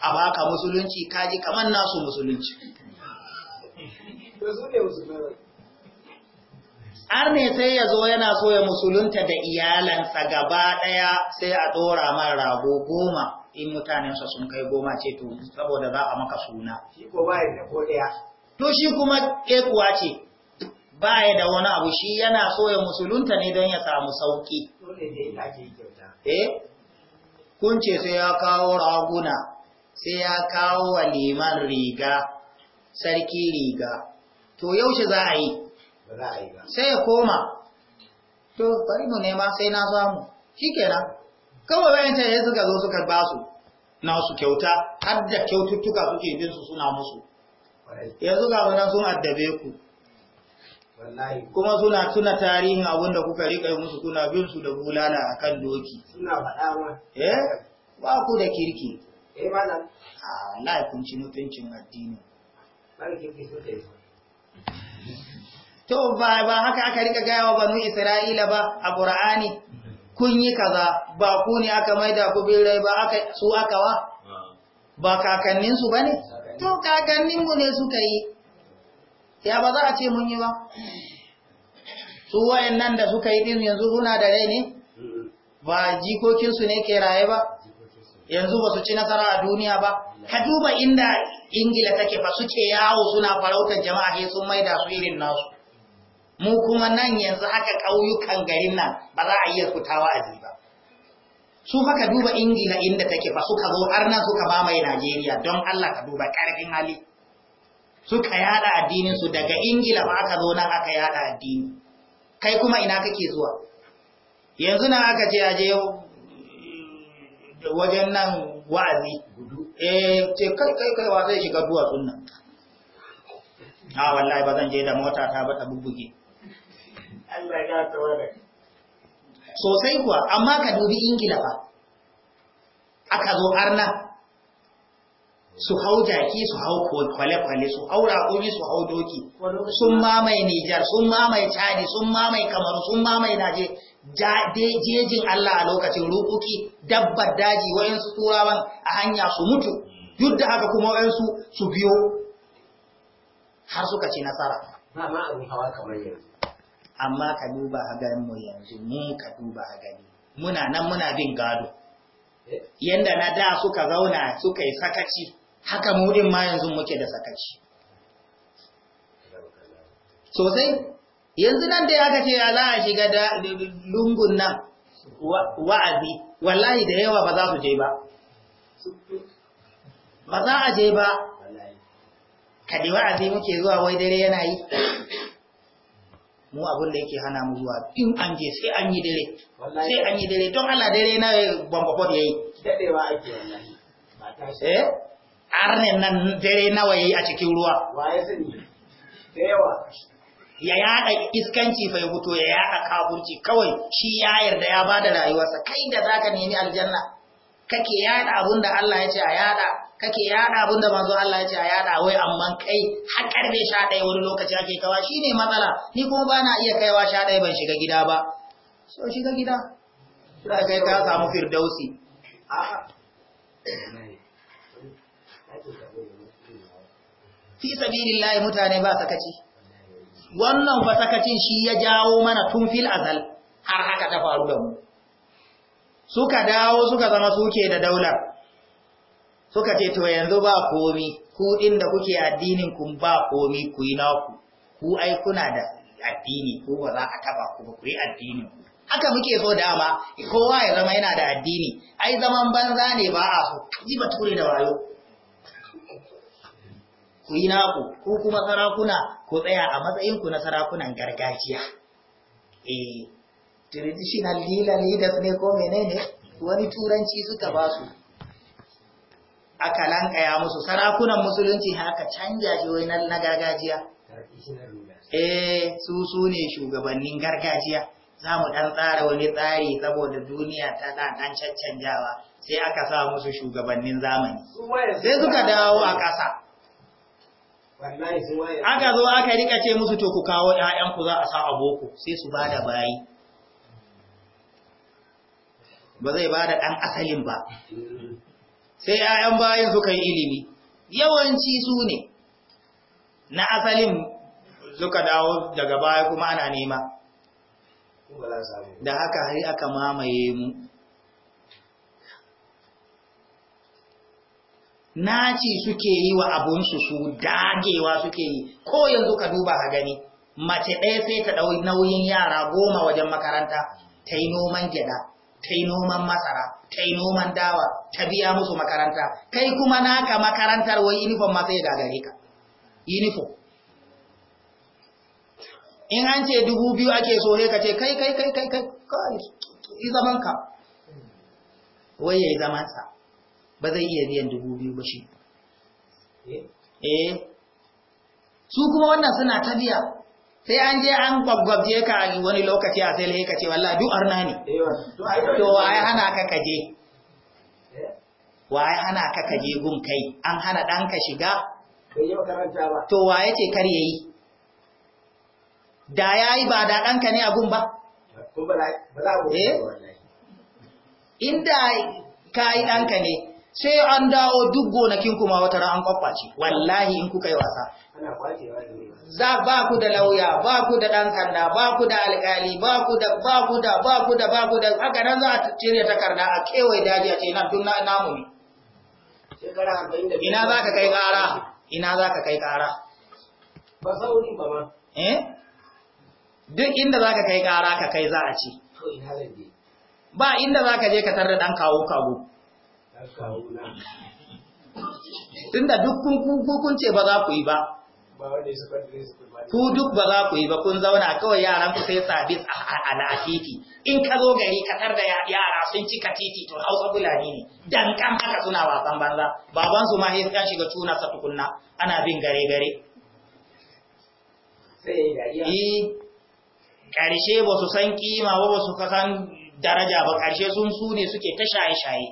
a baka musulunci kaji kamar nasu musulunci har ne sai ya zo yana so ya musulunta da iyalansa gaba ɗaya sai a tsora man rago goma in mutanensa sun kai goma ce to saboda za a maka suna. Shi ko bai da ko daya To shi kuma ƙekuwa ce, ba ya da wani abu shi yana so ya musulunta ne don ya samu sauki. Eh? Kun ce sai ya kawo raguna, sai ya kawo wa liman riga, sarki riga. To yaushe za a yi? Sai ya koma. To, bari mu nema sai na samu. Shi kenan. Kawai bayan ta ya suka zo suka basu nasu kyauta, har da kyaututtuka suke bin su suna musu. Yanzu ga sun addabe ku. kuma suna tuna tarihin abinda kuka rika musu kuna bin su da bulala akan doki suna faɗa ma eh ba ku da kirki eh malam a ah, wallahi kun ci mutuncin addini ba kirki to ba ba haka aka rika gaya wa banu isra'ila ba a qur'ani kun yi kaza ba ku ne aka maida ku rai ba aka su aka wa ba kakannin su bane to kakannin mu ne suka yi ya ba za a ce mun yi ba su wayan nan da suka yi din yanzu suna da rai ne ba jikokinsu ne ke raye ba yanzu ba su ci nasara a duniya ba ka duba inda ingila take fa suke yawo suna farautar jama'a sai sun maida su irin nasu mu kuma nan yanzu haka ƙauyukan garin nan ba za a iya kutawa a ji ba su haka duba ingila inda take fa suka zo har nan suka mamaye najeriya don allah ka duba ƙarfin hali suka yada addininsu daga ingila ba aka zo nan aka yada addini kai kuma ina kake zuwa yanzu nan aka je aje wajen nan wa'azi eh ce kai kai kai wa zai shiga duwatsun sunna a ah, wallahi ba zan je da mota ta ba ta bubbuge Allah ya ta wada sosai kuwa amma ka dubi ingila ba aka zo arna su hau jaki su hau kwale-kwale su hau raƙumi su hau doki sun mamaye Nijar sun mamaye Chadi sun mamaye Kamaru sun mamaye Naje jejin Allah a lokacin rukuki dabbar daji wayansu turawan a hanya su mutu duk da haka kuma wayan su biyo har suka ci nasara amma ka duba mu yanzu mu ka duba hagari muna nan muna bin gado eh? yanda na da suka zauna suka yi sakaci haka muɗin ma yanzu muke da sakaci sosai yanzu nan da aka ce ala a shiga da lungun nan wa'azi wallahi da yawa ba za su je ba ba za a je ba kadi wa'azi muke zuwa wai dare yana yi mu abin da yake hana mu zuwa in an je sai an yi dare sai an yi dare don Allah dare na bambafot yayi dadewa ake wallahi ba ta eh arnin nan dare nawa yayi a cikin ruwa Wa ya yawa ya yada iskanci bai hutu fito ya yada kafurci kawai shi ya yarda ya ba da rayuwarsa kai da za ka nemi aljanna kake yada da Allah ya ce a yada kake yada da manzo Allah ya ce a yada wai amma kai har ne sha ɗaya wani lokaci ake kawa ne matsala ni kuma na iya kaiwa sha ɗaya ban shiga gida ba so shiga gida sai kai ka samu firdausi a'a fi sabilillahi mutane ba sakaci wannan ba sakacin shi ya jawo mana tun fil azal har haka ta faru da mu suka dawo suka zama suke da daula suka ce to yanzu ba komi ku din da kuke addinin ku ba komi ku yi naku ku ai kuna da addini ko ba za a taba ku ba ku yi addini haka muke so dama kowa ya zama yana da addini ai zaman banza ne ba a so ji ba ture da wayo ku yi naku ku kuma sarakuna ku tsaya a matsayinku na sarakunan gargajiya eh traditional leader leaders ne ko menene wani turanci suka ba su aka lankaya musu sarakunan musulunci haka canja shi wai na gargajiya eh su su ne shugabannin gargajiya za mu ɗan tsara wani tsari saboda duniya ta ɗan caccanjawa sai aka sa musu shugabannin zamani sai suka dawo a ƙasa aka zo aka rika ce musu to ku kawo ku za a sa a boko sai su bada bayi ba zai bada ɗan asalin ba sai ‘ya'yan bayan suka yi ilimi yawanci su ne na asalin suka dawo daga baya kuma ana nema da haka har aka mamaye mu naci suke yi wa abun su dagewa suke yi ko yanzu ka duba ka gani mace ɗaya sai ta ɗau nauyin yara goma wajen makaranta ta yi noman gyaɗa ta yi noman masara ta yi noman dawa ta biya musu makaranta kai kuma naka makarantar wai uniform ma sai gare ka uniform in an ce dubu biyu ake so ka ce kai kai kai kai kai kai zaman ka wai yayi yi zamansa ba zai iya biyan dubu biyu ba shi eh, eh. su kuma wannan suna ta sai an je an gwaggwabje ka wani lokaci a sai laika ce wallahi duk arna ne eh, to ai eh? hana ka kaje waye hana ka kaje gun kai an hana ɗanka shiga to waye ce kar yayi da yayi ba da ɗanka ne a gun ba inda ka yi ɗanka ne sai an dawo duk gonakin kuma wata ran an ce. wallahi in kuka yi wasa za ba ku da lauya ba ku da dan sanda ba ku da alƙali, ba ku da ba ku da ba ku da ba ku da haka nan za a cire takarda a kewaye daji a ce nan tun na namu ne ina za ka kai kara ina za ka kai kara ba sauri ba ma eh duk inda za ka kai kara ka kai za a ce ba inda za ka je ka da dan kawo kawo tunda duk kun ce ba za ku yi ba ku duk ba za ku yi ba kun zauna kawai yaran ku sai sabis a lafiti in ka zo gari ka da yara sun cika titi to hausa bulani ne dan kan haka suna wasan banza baban su ma ya kan shiga tuna sa tukunna ana bin gare gare sai karshe ba su san kima ba su kasan daraja ba karshe sun su ne suke ta shaye shaye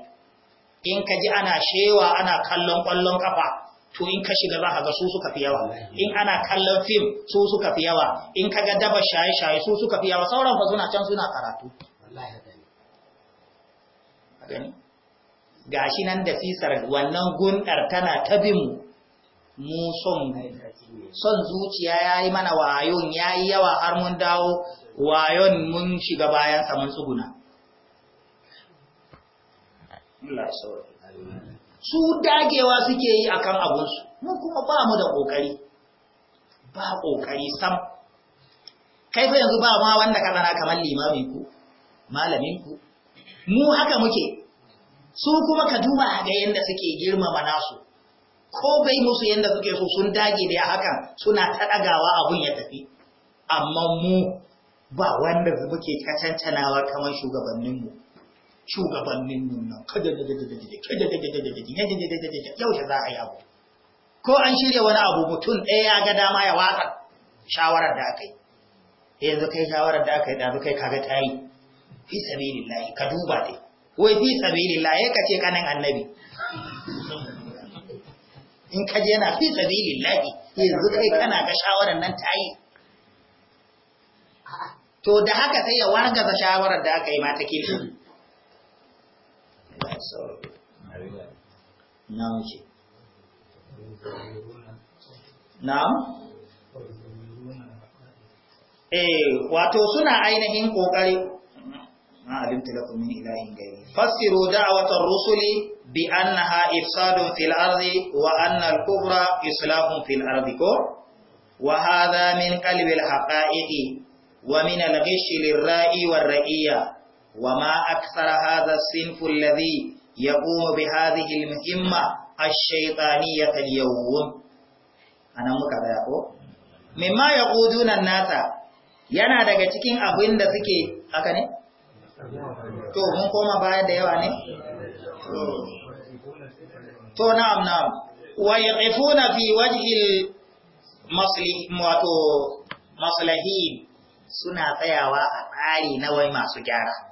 in ka ji ana shewa ana kallon ƙwallon ƙafa to in ka shiga za ka ga su suka fi yawa in ana kallon fim su suka fi yawa in ka ga daba shaye-shaye su suka fi yawa sauran fa suna can suna karatu gashi nan da fisar wannan gundar tana ta bin mu son son zuciya ya yi mana wayon ya yi yawa har mun dawo wayon mun shiga bayan mun tsuguna su dagewa suke yi akan abunsu mun kuma ba mu da kokari ba kokari sam kai fa yanzu ba ma wanda ka zana kamar limamin ku malamin ku mu haka muke su kuma ka duba ga yanda suke girmama nasu ko bai musu yanda suke so sun dage da hakan suna ta dagawa abun ya tafi amma mu ba wanda muke katantanawa kamar shugabanninmu shugabannin nan kada da da da kada da da da da yaushe za a yi abu ko an shirya wani abu mutum ɗaya ya ga dama ya watsa shawarar da aka yi yanzu kai shawarar da aka yi ɗazu kai kaga ta yi fi sabilillahi ka duba dai wai fi sabilillahi ka ce kanin annabi in ka je na fi sabilillahi yanzu kai kana ga shawarar nan ta yi to da haka sai ya wargaza shawarar da aka yi mata kirki نعم نعم ايه واتو سنا عينهم كوكري ما علمت لكم من اله غيري فسروا دعوه الرسل بانها افساد في الارض وان الكبرى اصلاح في الارض كو وهذا من قلب الحقائق ومن الغش للرائي والرئيه وما أكثر هذا الصنف الذي يقوم بهذه المهمة الشيطانية اليوم أنا مكذا يقول مما يقودون الناس yana daga cikin abin da suke haka ne? To, mun koma bayan da yawa ne? To, na'am na'am, wa yi ƙifuna fi wajhil maslahin suna tsayawa a tsari na wai masu gyara.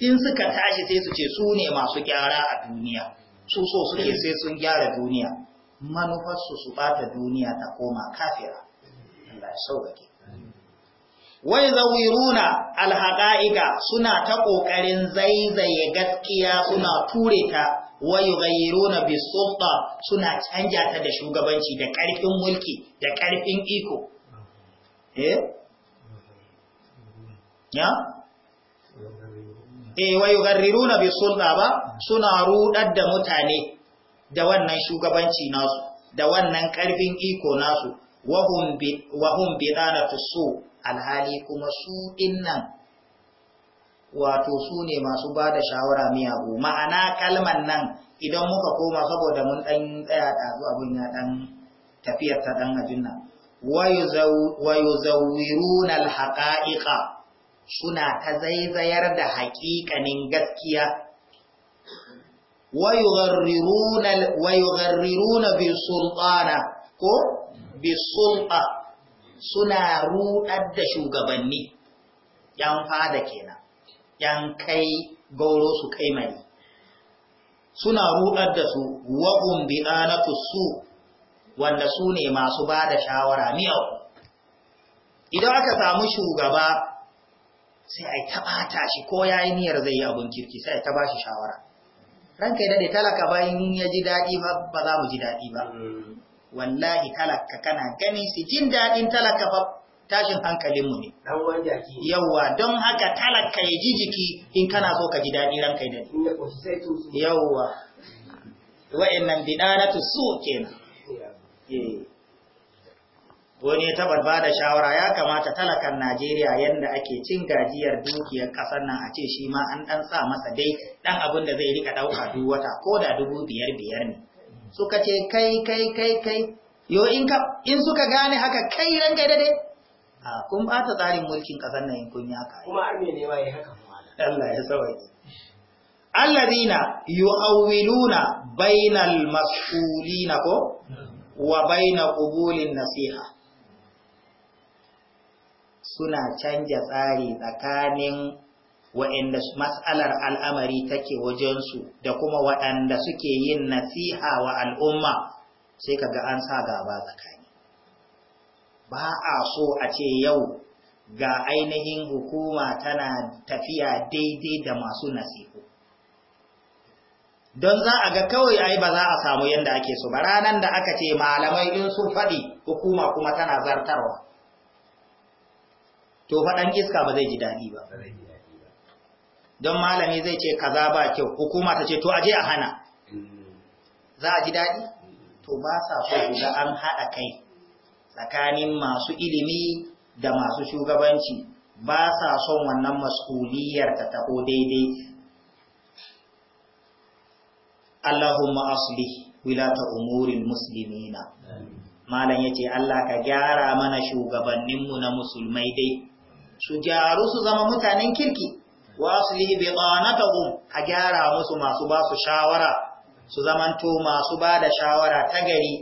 in suka tashi sai su ce su ne masu gyara a duniya su so suke eh. sai sun gyara duniya manufarsu su bata duniya ta koma kafira Allah ya sauƙaƙe wai zawiruna alhaƙa'iƙa suna ta ƙoƙarin zaizaye gaskiya suna ture ta wai gayyiruna bisulta suna canja ta da shugabanci da ƙarfin mulki da ƙarfin iko eh ya eh wayu na bi sulta ba suna ruɗar da mutane da wannan shugabanci nasu da wannan ƙarfin iko nasu wahum bi wahum bi su alhali kuma su innan wato su ne masu ba da shawara miyagu ma'ana kalman nan idan muka koma saboda mun dan tsaya ɗazu abin ya dan tafiyar ta dan ajinna wayuzawiruna alhaqa'iqa suna ta zaizayar da haƙiƙanin gaskiya wayugharriruna bi sultana ko bi sulta suna ruɗar da shugabanni yan fada kenan yan kai gauro su kai mai suna ruɗar da su wa'un bi su wanda su ne masu ba da shawara miyau idan aka samu shugaba sai a tabata shi ko ya yi niyyar zai yi abun kirki sai a taba shi shawara ranka ya daɗe talaka bayan ya ji daɗi ba ba za mu ji daɗi ba wallahi talaka kana gani su jin daɗin talaka ba tashin hankalinmu ne yauwa don haka talaka ya ji jiki in kana so ka ji daɗi ranka ya yauwa wa'annan bidanatu su kenan wani ya taɓa ba da shawara ya kamata talakan Najeriya yadda ake cin gajiyar dukiyar ƙasar nan a ce shi ma an ɗan sa masa dai ɗan abin da zai rika ɗauka duk wata ko da dubu biyar biyar ne. Suka ce kai kai kai kai yo in ka in suka gane haka kai ran kai dai? A kun ɓata tsarin mulkin ƙasar nan in kun ya haka. Kuma arme ne ma yi haka. Allah ya sawaye. Allazina yu'awwiluna bainal mas'ulina ko wa baina qubulin nasiha. suna canja tsari tsakanin wa'inda mas'alar al'amari take wajensu da kuma waɗanda suke yin nasiha wa al'umma sai kaga an sa gaba tsakani. Ba a so a ce yau ga ainihin hukuma tana tafiya daidai da masu nasihu. Don za a ga kawai ai ba za a samu yadda ake so ba ranar da aka ce malamai in sun faɗi hukuma kuma tana zartarwa. to faɗan iska ba zai ji daɗi ba don malami zai ce kaza ba kyau hukuma ta ce to aje a hana mm. za a ji daɗi to ba sa so an haɗa kai tsakanin masu ilimi da masu shugabanci ba sa son wannan mas'uliyar ta taho daidai Allahumma asli wilata umuril musulmina. malam ya ce Allah ka gyara mana shugabanninmu na musulmai dai su gyaru su zama mutanen kirki su wasu lihi bai a gyara musu masu ba su shawara su zamanto masu ba da shawara ta gari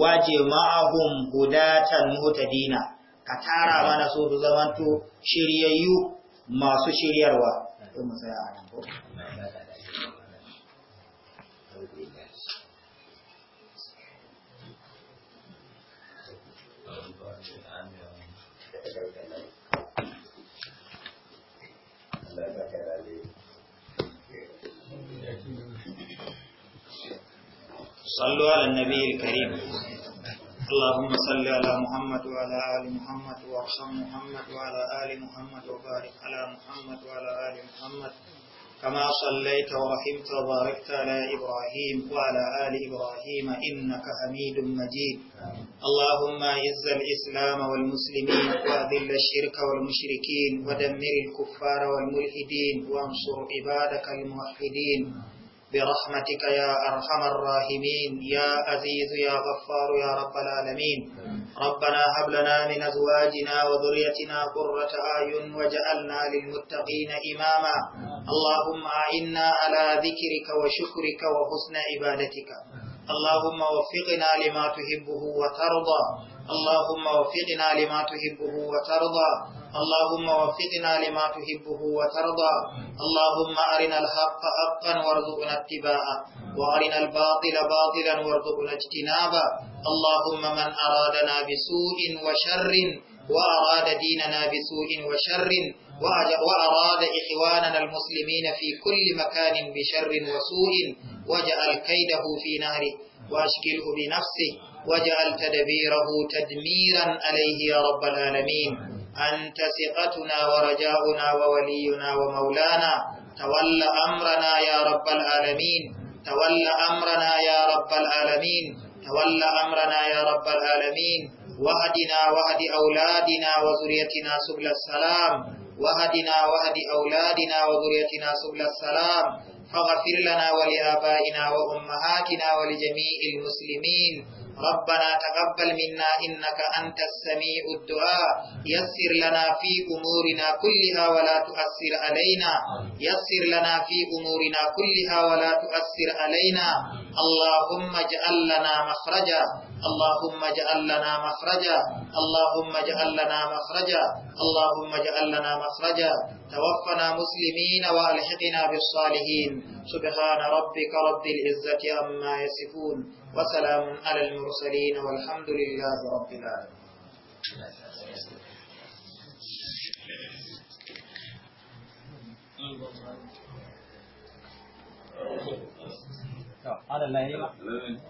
waje ma'ahum hudatan mutadina ka tara mana su zamanto shiryayyu masu shiryarwa. صلوا على النبي الكريم اللهم صل على محمد وعلى آل محمد وارحم محمد وعلى آل محمد وبارك على محمد وعلى آل محمد كما صليت ورحمت وباركت على إبراهيم وعلى آل إبراهيم إنك حميد مجيد اللهم عز الإسلام والمسلمين وأذل الشرك والمشركين ودمر الكفار والملحدين وانصر عبادك الموحدين برحمتك يا أرحم الراحمين يا عزيز يا غفار يا رب العالمين ربنا هب لنا من أزواجنا وذريتنا قرة أعين وجعلنا للمتقين إماما اللهم أعنا على ذكرك وشكرك وحسن عبادتك اللهم وفقنا لما تحبه وترضى اللهم وفقنا لما تحبه وترضى اللهم وفقنا لما تحبه وترضى اللهم أرنا الحق حقا وارزقنا اتباعه وأرنا الباطل باطلا وارزقنا اجتنابه اللهم من أرادنا بسوء وشر وأراد ديننا بسوء وشر وأراد إخواننا المسلمين في كل مكان بشر وسوء وجعل كيده في نهره وأشكله بنفسه وجعل تدبيره تدميرا عليه يا رب العالمين أنت ثقتنا ورجاؤنا وولينا ومولانا تول أمرنا يا رب العالمين تول أمرنا يا رب العالمين تول أمرنا يا رب العالمين وهدنا وهد أولادنا وذريتنا سبل السلام وهدنا وهد أولادنا وذريتنا سبل السلام فاغفر لنا ولآبائنا وأمهاتنا ولجميع المسلمين ربنا تقبل منا إنك أنت السميع الدعاء يسر لنا في أمورنا كلها ولا تؤثر علينا يسر لنا في أمورنا كلها ولا تؤثر علينا اللهم اجعل لنا مخرجا اللهم اجعل لنا مخرجا اللهم اجعل لنا مخرجا اللهم اجعل لنا مخرجا توفنا مسلمين والحقنا بالصالحين سبحان ربك رب العزة عما يصفون وسلام على المرسلين والحمد لله رب العالمين على الله